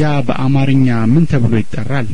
ያ በአማርኛ ምን ተብሎ ይጠራል